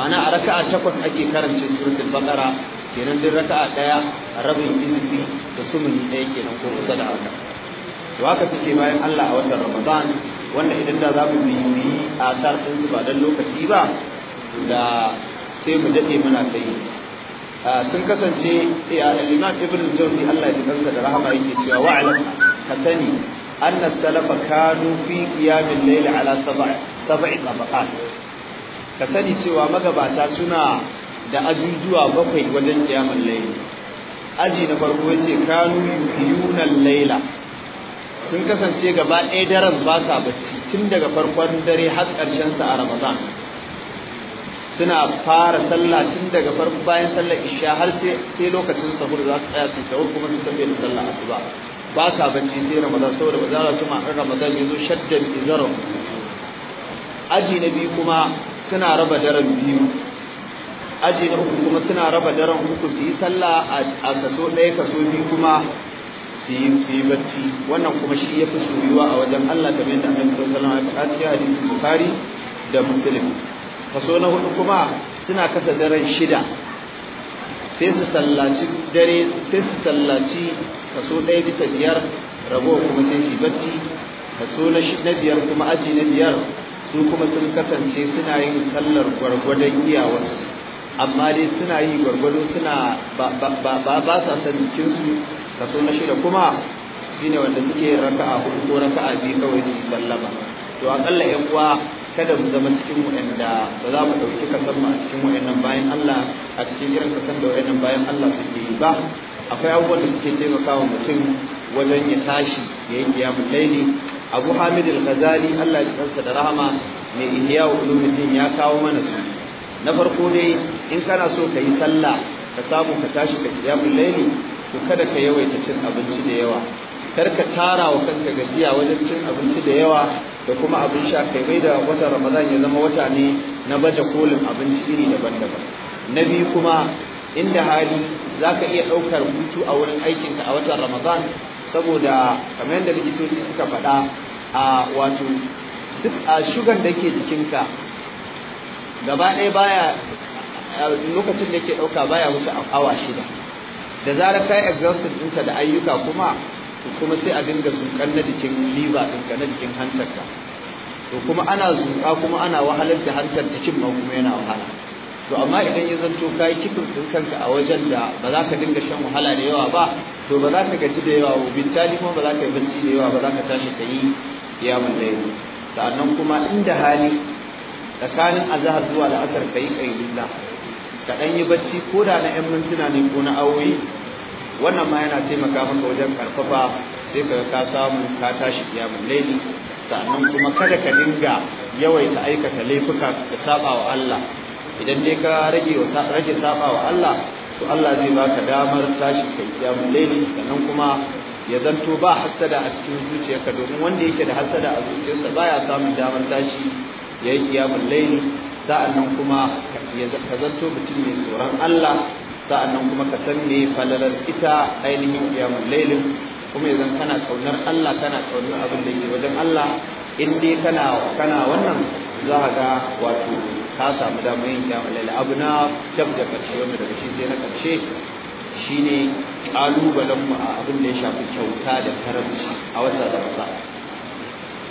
ma'ana a raka'a takwas ake karanci suratul baqara kenan din raka'a ɗaya, daya rabin izifi da sumuni ɗaya kenan ko kusa da aka. to haka suke bayan Allah a watan Ramadan wanda idan da za mu yi a sarfin su ba dan lokaci ba da sai mu dade muna kai sun kasance ya e, al-Imam Ibn Jawzi Allah ya kansa da rahama yake cewa wa'lam katani anna salafa kanu fi qiyam al-layl ala sab'i sab'i tabaqat katani cewa magabata suna da ajujuwa bakwai wajen qiyamul layl aji na farko yace kanu yuhiyuna al-layla sun kasance gaba ɗaya daren ba sa bacci tun daga farkon dare har ƙarshen sa a ramadan suna fara sallah tun daga farko bayan sallar isha har sai lokacin sahur za su tsaya su sahur kuma su tafi da sallah asuba ba sa bacci sai ramadan saboda ba za su ma ramadan yazo shaddan izaro aji na biyu kuma suna raba daren biyu aji na uku kuma suna raba daren uku su yi sallah a kaso ɗaya kaso biyu kuma su yi su yi bacci wannan kuma shi ya fi soyuwa a wajen Allah kamar yadda Annabi sallallahu alaihi wasallam ya faɗa hadisi Bukhari da Muslim kaso na hudu kuma suna kasa daren shida sai su sallaci dare sai su sallaci kaso ɗaya bisa biyar rabo kuma sai su bacci kaso na biyar kuma aji na biyar su kuma sun kasance suna yin sallar gwargwadon iyawarsu amma dai suna yi gwargwado suna ba ba ba sa san jikinsu kaso na shida kuma shine wanda suke raka'a hudu ko raka'a biyu kawai su sallama to akalla yan uwa kada mu zama cikin wa'anda ba za mu ɗauki kasan mu a cikin wa'annan bayan Allah a cikin irin kasan da wa'annan bayan Allah suke yi ba akwai abubuwan da suke taimakawa mutum wajen ya tashi ya yi kiyamun laili abu hamid al-ghazali Allah ya kansa da rahama mai ihya ulumuddin ya kawo mana su na farko dai in kana so ka yi sallah ka samu ka tashi ka kiyamun laili to kada ka yawaita cin abinci da yawa kar ka tara wa kanka gajiya wajen cin abinci da yawa da kuma abin sha kai mai da watan ramadan ya zama wata ne na baje kolin abinci iri daban-daban na biyu kuma inda hali za ka iya ɗaukar hutu a wurin aikinka a watan ramadan saboda kamar yadda likitoci suka faɗa a wato duk a shugan da ke jikinka gaba ɗaya baya lokacin da ke ɗauka baya wuce awa shida da zarar kai exhausted ɗinka da ayyuka kuma kuma sai a dinga zuƙan na jikin liver ɗinka na jikin hantarka to kuma ana zuƙa kuma ana wahalar da hantar jikin ma kuma yana wahala to amma idan ya zanto kai kifin ɗin kanka a wajen da ba za ka dinga shan wahala da yawa ba to ba za ka gaji da yawa bintali kuma ba za ka yi bacci da yawa ba za ka tashi ka yi da laili sa'annan kuma inda hali tsakanin azahar zuwa la'asar ka yi ƙailullah ka ɗan yi bacci ko da na 'yan mintuna ne ko na awoyi wannan ma yana taimaka maka wajen karfafa sai ka ka samu ka tashi mun laili sannan kuma kada ka dinga yawaita aikata laifuka da saba wa Allah idan dai ka rage rage saba wa Allah to Allah zai baka damar tashi kai mun laili sannan kuma ya zanto ba hasada a cikin zuciyarka domin wanda yake da hasada a zuciyarsa baya samun damar tashi yayi mun laili sa'annan kuma ka zanto mutum mai tsoron Allah sa'annan kuma ka san me falalar ita ainihin qiyamul lailin kuma idan kana tsaunar Allah kana tsaunar abin da ke wajen Allah in dai kana kana wannan za ka ga wato ka samu damar yin qiyamul lailin. abu na dab da karshe wanda daga shi sai na karshe shine kalubalen mu a abin da ya shafi kyauta da karamci a wata da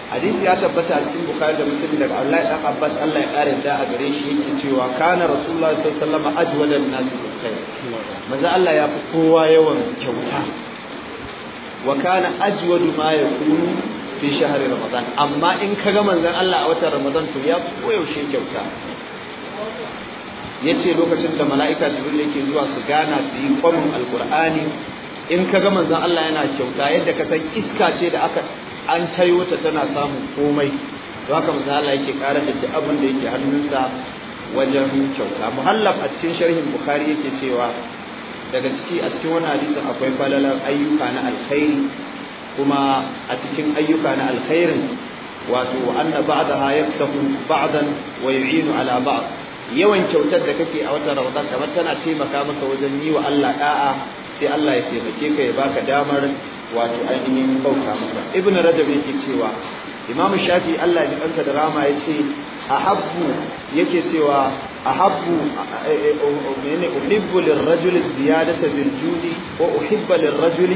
hadisi ya tabbata a cikin bukhari da muslim daga Allah dan abbas Allah ya kare da a gare shi yake cewa kana rasulullahi sallallahu alaihi wasallam ajwalan nas bil khair manzo Allah ya fi kowa yawan kyauta wa kana ajwadu ma yakunu fi shahri ramadan amma in ka ga manzon Allah a watan ramadan to ya fi koyaushe kyauta yace lokacin da mala'ika jibril yake zuwa su gana su yi kwamin alqur'ani in ka ga manzon Allah yana kyauta yadda ka san iska ce da aka an tayo ta tana samun komai to haka manzo Allah yake kara da abin da yake hannunsa wajen kyauta muhallaf a cikin sharhin bukhari yake cewa daga ciki a cikin wani hadisin akwai falalar ayyuka na alkhairi kuma a cikin ayyuka na alkhairin wato wa anna ba'daha yaftahu ba'dan wa yu'inu ala ba'd yawan kyautar da kake a watan Ramadan kamar tana taimaka maka wajen yi wa Allah da'a sai Allah ya taimake ka ya baka damar wato ainihin bauta masa ibn rajab yake cewa Imam shafi Allah ya kanta da rama yace ahabbu yake cewa ahabbu eh, eh, oh, oh, menene uhibbu lirrajul ziyadata bil judi wa uhibbu lirrajul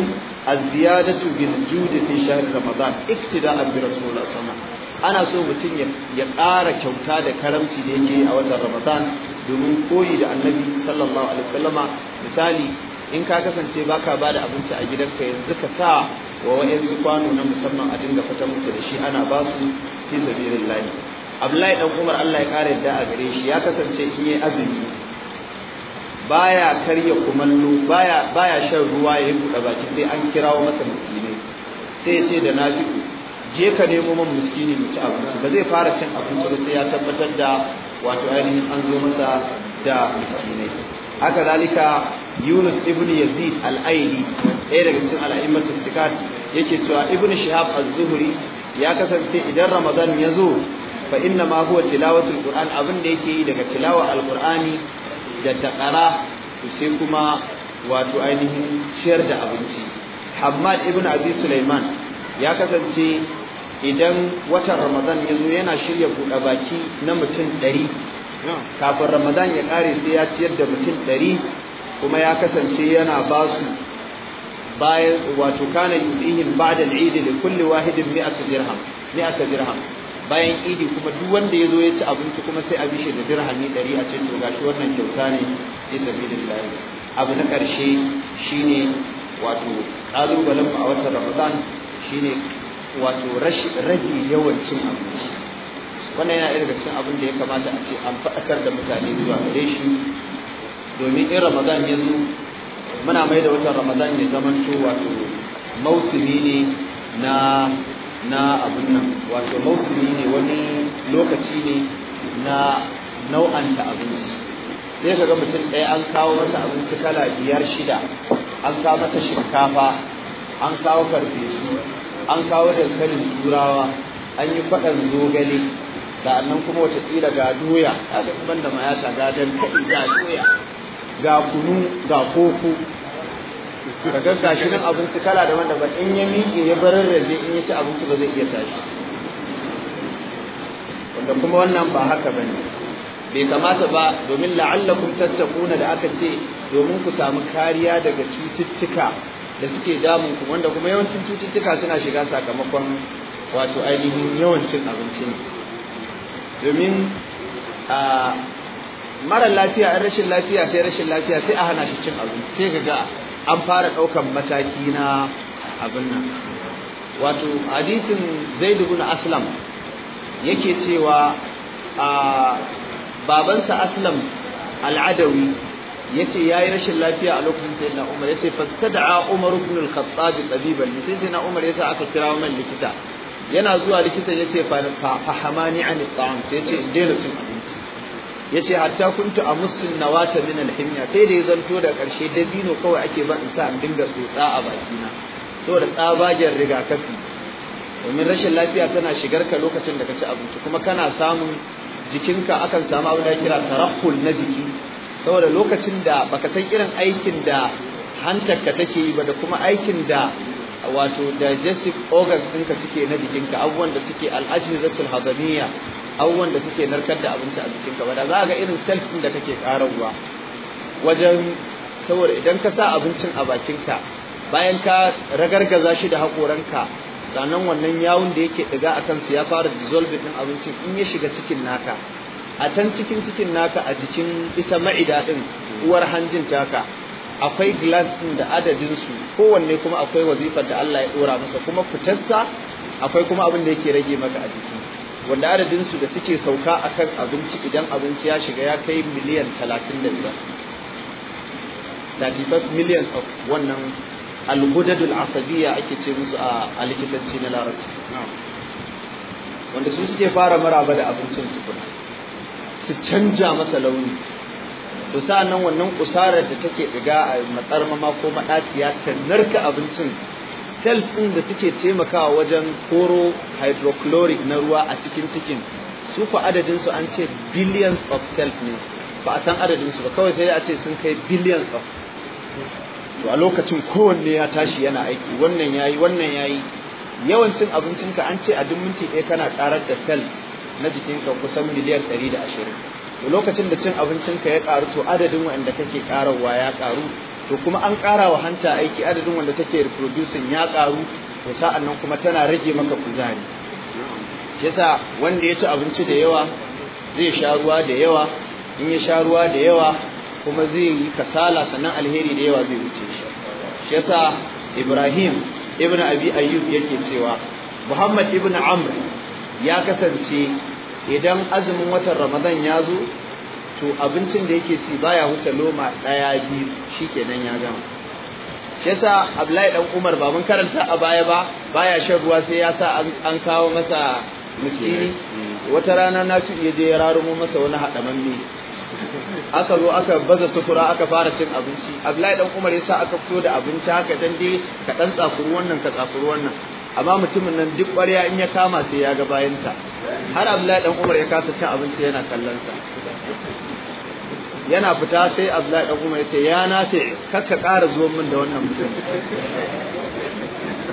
az-ziyadatu bil judi fi shahr ramadan iktida'an bi rasulullah sallallahu ana so mutum ya ƙara kyauta da karamci da yake a watan ramadan domin koyi da annabi sallallahu alaihi wasallama misali in ka kasance baka ba da abinci a gidanka yanzu ka sa wa wa'yansu kwano na musamman a dinga fata musu da shi ana ba su fi sabilillahi Abdullahi dan Umar Allah ya kare yadda a gare shi ya kasance in yi azumi baya karya kumallo baya baya shan ruwa ya buɗe baki sai an kirawo masa musulmai sai sai da nafi'u je ka nemo man muskini mu ci abinci ba zai fara cin abinci ba sai ya tabbatar da wato ainihin an zo masa da miskinai haka zalika Yunus ibn Yazid al-Aili ɗaya daga cikin al'immat istiqat yake cewa ibn Shihab az-Zuhri ya kasance idan Ramadan ya zo fa inna ma huwa tilawatul Qur'an abin da yake yi daga tilawa al-Qur'ani da taqara sai kuma wato ainihin ciyar da abinci Hamad ibn Abi Sulaiman ya kasance idan watan Ramadan ya zo yana shirya buɗe baki na mutum ɗari kafin Ramadan ya ƙare sai ya ciyar da mutum ɗari kuma ya kasance yana ba su bayan wato kana yudihim ba'da al-eid li kulli wahidin mi'atu dirham mi'atu dirham bayan idi kuma duk wanda yazo ya ci abinci kuma sai a bishe da dirhami 100 a ce to gashi wannan kyauta ne fi sabilillah abu na karshe shine wato kalubalen a watan Ramadan shine wato rashi rage yawan cin abinci wannan yana daga cin abin da ya kamata a ce an faɗakar da mutane zuwa gare shi domin in ramadan ya zo muna mai da watan ramadan ya to wato mausumi ne na na abun nan wato mausumi ne wani lokaci ne na nau'anta abinci sai ka ga mutum ɗaya an kawo masa abinci kala biyar shida an kawo masa shinkafa an kawo farfesu an kawo dankalin turawa an yi faɗan zogale sa'annan kuma wata tsira ga doya ta ga kuma da mayata ga dankali ga doya ga kunu ga koko ka ga gashi nan abinci kala daban-daban in ya miƙe ya barar raje in ya ci abinci ba zai iya tashi wanda kuma wannan ba haka ba ne. bai kamata ba domin la'allakum tattaquna da aka ce domin ku samu kariya daga cututtuka da suke damun ku wanda kuma yawancin cututtuka suna shiga sakamakon wato ainihin yawancin abinci ne domin a ah, mara lafiya in rashin lafiya sai rashin lafiya sai a hana shi cin abinci sai ga an fara ɗaukan mataki na abin nan wato hadisin zaid ibn aslam yake cewa a babansa aslam al'adawi yace yayi rashin lafiya a lokacin sai na umar yace fastad'a umar ibn al-khattab tabiban sai sai na umar yasa aka kira man likita yana zuwa likitan yace fa fahamani an at-ta'am sai yace daina cin ya ce hatta kuntu a na nawata min alhimya sai da ya zanto da karshe dabino kawai ake ba in sa in dinga tsotsa a bakina saboda tsabagen rigakafi domin rashin lafiya tana shigar ka lokacin da ka ci abinci kuma kana samun jikinka akan samu abin da kira tarakkul na jiki saboda lokacin da baka san irin aikin da hantar ka take yi ba da kuma aikin da wato digestive organs ɗinka suke na jikinka abubuwan da suke al'ajin zatul hazaniya abubuwan da suke narkar da abinci a jikin ka ba da za ga irin self da take karawa wajen saboda idan ka sa abincin a bakin ka bayan ka ragargaza shi da haƙoranka sannan wannan yawun da yake ɗiga a kansu ya fara dissolve ɗin abincin in ya shiga cikin naka a can cikin cikin naka a jikin ita ma'ida ɗin uwar hanjin taka akwai glass ɗin da adadinsu kowanne kuma akwai wazifar da Allah ya ɗora masa kuma fitarsa akwai kuma abin da yake rage maka a jiki wanda adadinsu da suke sauka a kan abinci idan abinci ya shiga ya kai miliyan 35 35 millions of wannan al-gudadul asabiya ake ce musu a likitanci na larabci wanda su suke fara maraba da abincin tukuna su canja masa launi to sa'an nan wannan kusarar da take daga a matsarmama ko maɗaciya ta narka abincin cells ɗin da suke taimakawa wajen koro hydrochloric na ruwa a cikin cikin su ku adadin an ce billions of cells ne ba a san adadin ba kawai sai a ce sun kai billions of to a lokacin kowanne ya tashi yana aiki wannan yayi wannan yayi yawancin abincinka an ce a duk minti ɗaya kana karar da cells na jikinka kusan miliyan 120 to lokacin da cin abincinka ya karu to adadin waɗanda kake karawa ya karu to kuma an ƙara wa hanta aiki adadin wanda take reproducing ya ƙaru to sa'an nan kuma tana rage maka kuzari yasa wanda ya ci abinci da yawa zai sha ruwa da yawa in ya sha ruwa da yawa kuma zai yi kasala sannan alheri da yawa zai wuce shi shi yasa Ibrahim ibn Abi Ayyub yake cewa Muhammad ibn Amr ya kasance idan azumin watan Ramadan ya zo to abincin da yake ci baya wuce loma ɗaya biyu shikenan ya gama yasa Abdullahi dan Umar ba mun karanta a baya ba baya shan ruwa sai ya sa an kawo masa miskini mm. wata rana na ya je ya rarumo masa wani haɗamamme aka zo aka baza sukura aka fara cin abinci Abdullahi dan Umar yasa aka fito da abinci haka dan dai ka dan tsakuru wannan ka tsakuru wannan amma mutumin nan duk ƙwarya in ya kama sai ya ga bayanta har Abdullahi dan Umar ya kasa cin abinci yana kallon sa yana fita sai Abdullahi dan Umar yace ya ce kakka ƙara zuwa min da wannan mutum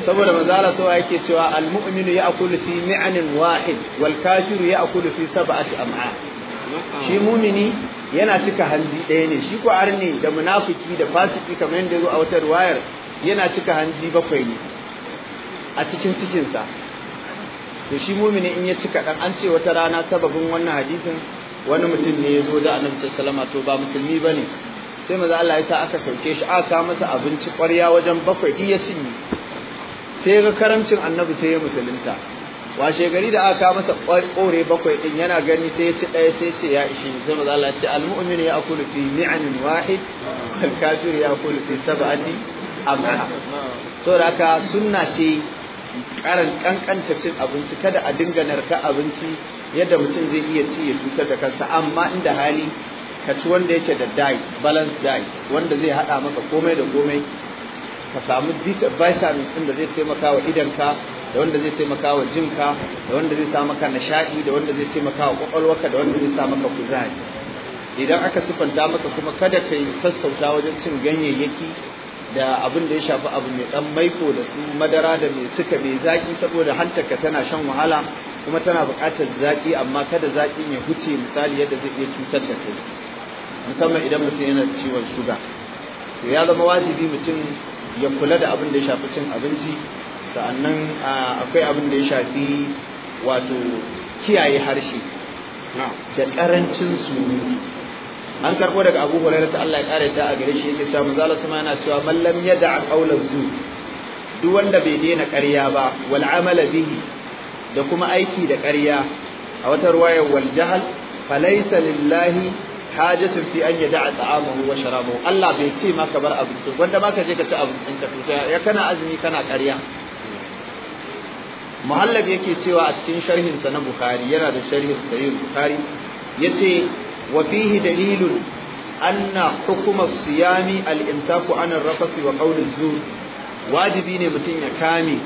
saboda manzo Allah yake cewa al-mu'minu ya'kulu fi mi'anin wahid wal kafiru ya'kulu fi sab'ati am'a shi mumini yana cika hanji ɗaya ne shi ko arne da munafiki da fasiki kamar yadda yazo a wata ruwayar yana cika hanji bakwai ne a cikin cikinsa to shi mumini in ya cika dan an ce wata rana sababin wannan hadisin wani mutum ne ya zo da annabi sallallahu alaihi to ba musulmi bane sai maza Allah ya ta aka sauke shi aka masa abinci ƙwarya wajen bakwai iya cinye sai ga karamcin annabi sai ya musulunta washe gari da aka masa ƙore bakwai din yana gani sai ya ci ɗaya sai ce ya ishi sai maza Allah ya ce almu'minu ya akulu fi ni'amin wahid wal kafir ya akulu fi sab'ati amha da haka sunna ce karan kankanta cin abinci kada a dinga narka abinci yadda mutum zai iya ci ya cutar da kansa amma inda hali ka ci wanda yake da diet balance diet wanda zai hada maka komai da komai ka samu vitamin din da zai taimaka wa idanka da wanda zai taimaka wa jinka da wanda zai sa maka nishadi da wanda zai taimaka wa kwakwalwarka da wanda zai sa maka kuzari idan aka sifanta maka kuma kada ka yi sassauta wajen cin ganyayyaki da abin da ya shafi abu mai dan maiko da su madara da mai suka mai zaki saboda hantarka tana shan wahala kuma tana buƙatar zaƙi amma kada zaƙin ya huce misali yadda zai iya cutar da kai musamman idan mutum yana ciwon shuga to ya zama wajibi mutum ya kula da abin da ya shafi cin abinci sa'annan akwai abin da ya shafi wato kiyaye harshe da ƙarancin surutu an karɓo daga abu hulaira ta Allah ya ƙara yadda a gare shi yake cewa mu Allah yana cewa mallam da yada'a zu duk wanda bai daina ƙarya ba wal amala bihi da kuma aiki da ƙarya a wata ruwayar wal jahal falaysa lillahi hajatun fi an yada'a ta'amahu wa sharabahu Allah bai ce maka bar abincin wanda maka ka je ka ci abincin ka tuta ya kana azumi kana ƙarya muhallab yake cewa a cikin sharhin sa na bukhari yana da sharhin sahih bukhari yace wa fihi dalilun anna hukuma siyami al-imsaku an ar-rafath wa qawl az-zur wajibi ne mutum ya kame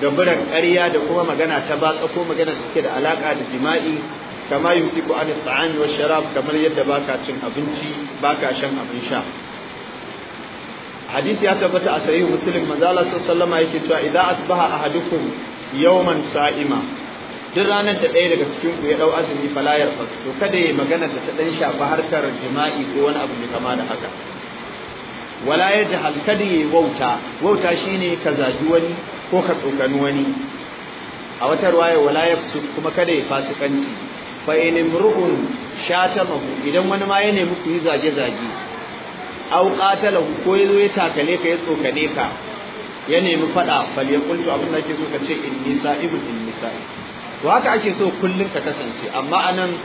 da ƙarya da kuma magana ta baka ko magana da take da alaka da jima'i kama ku an ta'ani wa sharab kamar yadda baka cin abinci baka shan abin sha hadisi ya tabbata a sahihu muslim manzo Allah sallallahu alaihi yake cewa idza asbaha ahadukum yawman sa'ima duk ranar da ɗaya daga cikin ku ya dau azumi fala yarfa to kada yayi magana da ta dan shafa harkar jima'i ko wani abu mai kama da haka wala yajhal kadi wauta wauta shine ka zaji wani ko ka tsokani wani a wata ruwaya wala ya yafsuk kuma kada ya fasikanci fa in imru'un shatamahu idan wani ma ya nemi ku yi zage zage aw ko ko zo ya takale ka ya tsokane ka ya nemi fada fal ya to abin da so ka ce inni sa'ibun in nisa. to haka ake so kullum ka kasance amma anan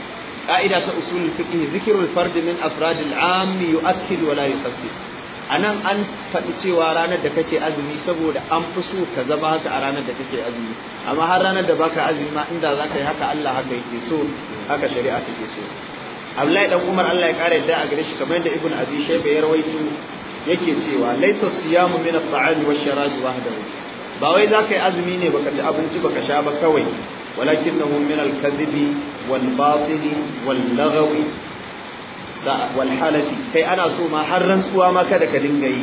قاعدة أصول الفقه ذكر min من أفراد العام wala ولا يخصص a nan an faɗi cewa ranar da kake azumi saboda an fi so ka zama haka a ranar da kake azumi amma har ranar da baka azumi ma inda za ka yi haka Allah haka yake so haka shari'a take so Abdullahi dan Umar Allah ya kare yadda a gare shi kamar yadda Ibn Abi Shayba ya rawaito yake cewa laysa siyamu min at-ta'ami wash-sharabi wahdahu ba wai za ka yi azumi ne baka ci abinci baka sha ba kawai walakinahu min al-kadhibi wal-batili wal-laghawi wal kai ana so ma har rantsuwa ma kada ka dinga yi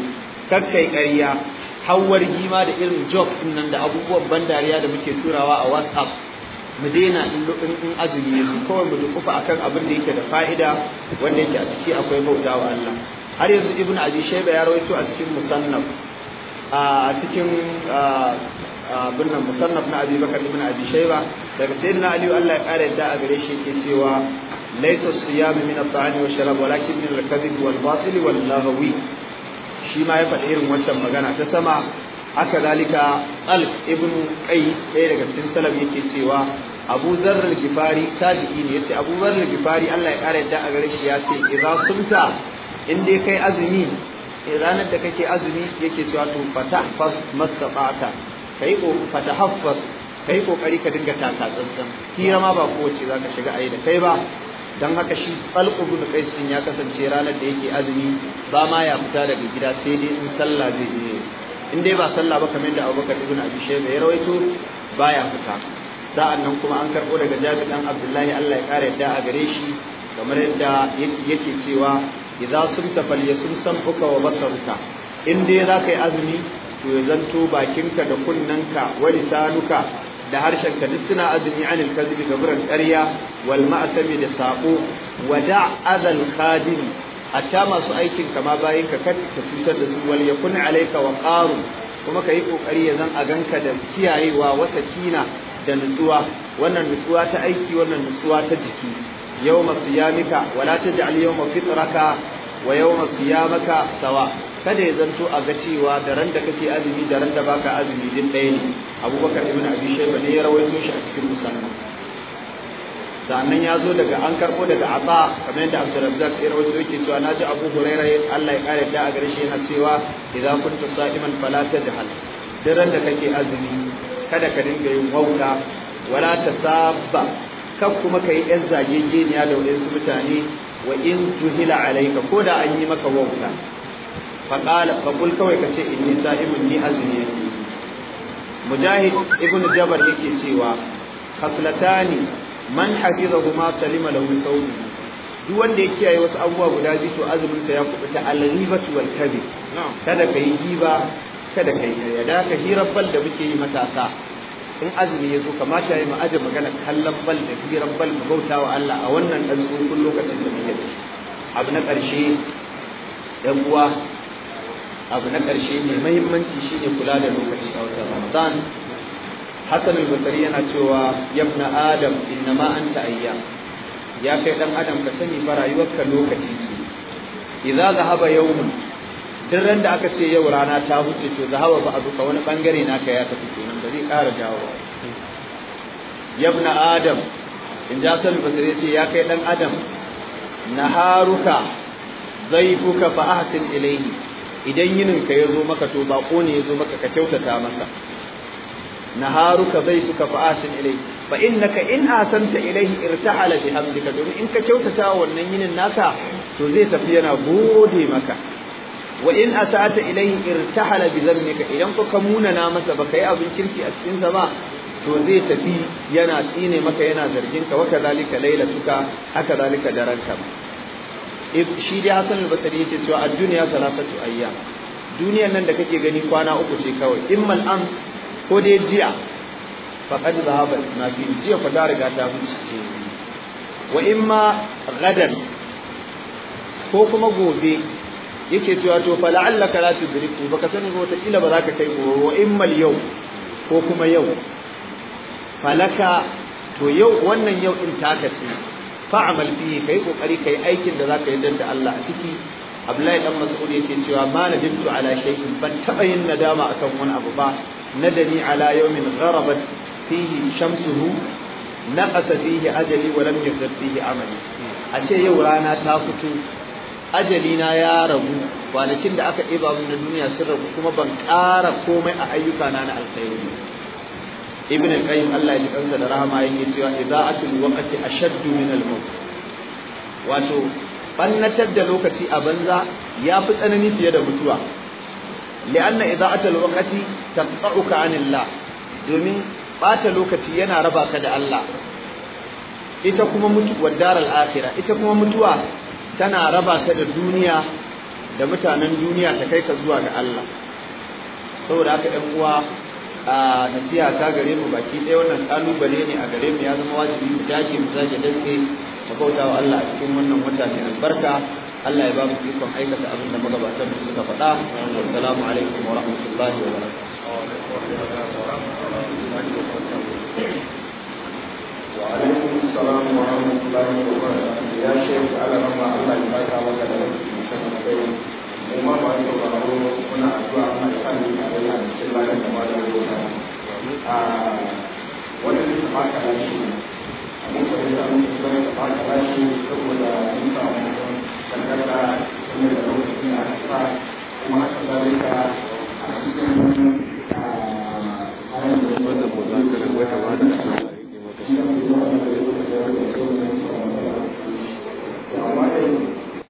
kakkai ƙarya hawar gima da irin job din nan da abubuwan ban dariya da muke turawa a WhatsApp mu daina in azumi su kawai mu dukufa akan abin da yake da fa'ida wanda yake a ciki akwai bauta wa Allah har yanzu ibnu abi shayba ya rawaito a cikin musannaf a cikin abin nan musannaf na abi bakar ibn abi shayba daga sayyidina ali Allah ya kare yadda a gare shi yake cewa laysa siyam min at-ta'ami walakin min al-kadhib wal batil shi ma ya faɗi irin wancan magana ta sama haka zalika al ibnu kai, daya daga cikin salaf yake cewa Abu Dharr al-Ghifari tabi'i ne yace Abu Dharr al Allah ya kare yadda a gare shi yace idza sumta in kai azumi ranar da kake azumi yake cewa to fatahfaz mastata'ta kai ko fatahaffaz ka dinga taka tsantsan kira ma ba kowace zaka shiga ayi da kai ba don haka shi talqu bin qais ya kasance ranar da yake azumi ba ma ya fita daga gida sai dai in sallah zai je in dai ba sallah ba kamar da Abubakar ibn Abi Shayba ya rawaito ba ya fita sa'an nan kuma an karɓo daga Jabir dan Abdullahi Allah ya kare yadda a gare shi kamar yadda yake cewa idza sumta sun sam'uka wa basaruka in dai ka yi azumi to ya zanto bakinka da kunnanka wani lisanuka da harshen ka duk suna azumi anil ga buran ƙarya wal ma'asami da sabo wada azal khadim hatta masu aikin ka ma bayin ka ka cutar da su wal yakun alayka wa qaru kuma kai kokari ya zan a ganka da kiyayewa wata kina da nutsuwa wannan nutsuwa ta aiki wannan nutsuwa ta jiki yawma siyamika wala taj'al yawma fitraka wa yawma siyamaka sawa kada ya zanto a ga cewa da ran da kake azumi da ran da baka azumi din ɗaya ne abubakar ibn abi shayba ne ya rawaito shi a cikin musanna sannan ya zo daga an karbo daga ata kamar yadda abdurrazzaq ya rawaito yake cewa naji abu hurairah Allah ya kare da a gare shi yana cewa idan kunta sa'iman fala tajhal duk ran da kake azumi kada ka dinga yin wauta wala tasabba ka kuma kai yan geniya da su mutane wa in tuhila alayka ko da an yi maka wauta faƙala faƙul kawai ka ce inni sa'imun ni azumi yake mujahid ibn jabar yake cewa khaslatani man hafizahuma salima lahu sawmi duk wanda ya kiyaye wasu abubuwa guda biyu to azumin ka ya kubuta al-ribatu wal kadhib kada kai giba kada kai ya da ka hirar bal da muke yi matasa in azumi ya zo kamata ya ma'ajar magana kallon bal da hirar bal mu bauta wa Allah a wannan ɗan tsohon lokacin da muke abu na ƙarshe ‘yan uwa abu na ƙarshe mai mahimmanci shine kula da lokaci a watan ramadan hasan al-basri yana cewa yabna adam ma anta ayya ya kai dan adam ka sani fa rayuwarka lokaci ce idza zahaba yawmun duk ran da aka ce yau rana ta huce to zahaba ba ka wani bangare naka ya tafi kenan ba zai ƙara dawowa yabna adam in ja san ya ce ya kai dan adam naharuka zaifuka fa ahsin ilayhi idan yinin ka zo maka to bako ne yazo maka ka kyautata masa naharuka suka fa asin ilai fa innaka in asanta ilaihi irtahala bi hamdika domin in ka kyautata wannan yinin nasa to zai tafi yana gode maka wa in asata ilaihi irtahala bi dhannika idan ko ka munana masa baka yi abin kirki a cikin sa ba to zai tafi yana tsine maka yana zargin ka wa kadhalika lailatuka haka zalika daranka Eh, shi dai hasan al-Basri yace cewa ad-dunya salasatu ayyam duniyar nan da kake gani kwana uku ce kawai immal an ko dai jiya kad zahaba na fi jiya fa ta riga ta wuce wa imma gadan ko kuma gobe yake cewa to fa la'allaka la tudriku baka sani ba wata kila ba za ka kai gobe wa immal yau ko kuma yau falaka to yau wannan yau din taka ce fa'amal fihi kai kokari kai aikin da zaka yarda da Allah a ciki Abdullahi dan Mas'ud yake cewa ma nadimtu ala shay'in ban taba yin nadama akan wani abu ba nadani ala yawmin gharabat fihi shamsuhu naqasa fihi ajali wa lam yafid fihi amali ce yau rana ta fito ajali na ya ragu kwanakin da aka ɗeba min na duniya sun ragu kuma ban ƙara komai a ayyuka na na alkhairi ibn qayyim Allah ya kansa da rahama yake cewa ida'atul waqti ashaddu min al-maut wato bannatar da lokaci a banza ya fi tsanani fiye da mutuwa li'anna ida'atul waqti taqta'uka 'anillah domin bata lokaci yana raba ka da Allah ita kuma mutuwar daral akhirah ita kuma mutuwa tana raba ka da duniya da mutanen duniya ta kai ka zuwa ga Allah saboda haka ɗan uwa a nasiha ta gare mu baki ɗaya wannan kalubale ne a gare mu ya zama wajibi mu dage mu zage daske mu bauta wa Allah a cikin wannan wata mai albarka Allah ya ba mu ikon aikata abin da magabatan mu suka faɗa assalamu alaikum wa rahmatullahi wa barakatuh وعليكم kuma ba da sauraro muna addu'a amma wani wani da ba ka ba saboda mun samu kankarta kuma kuma a cikin ba ba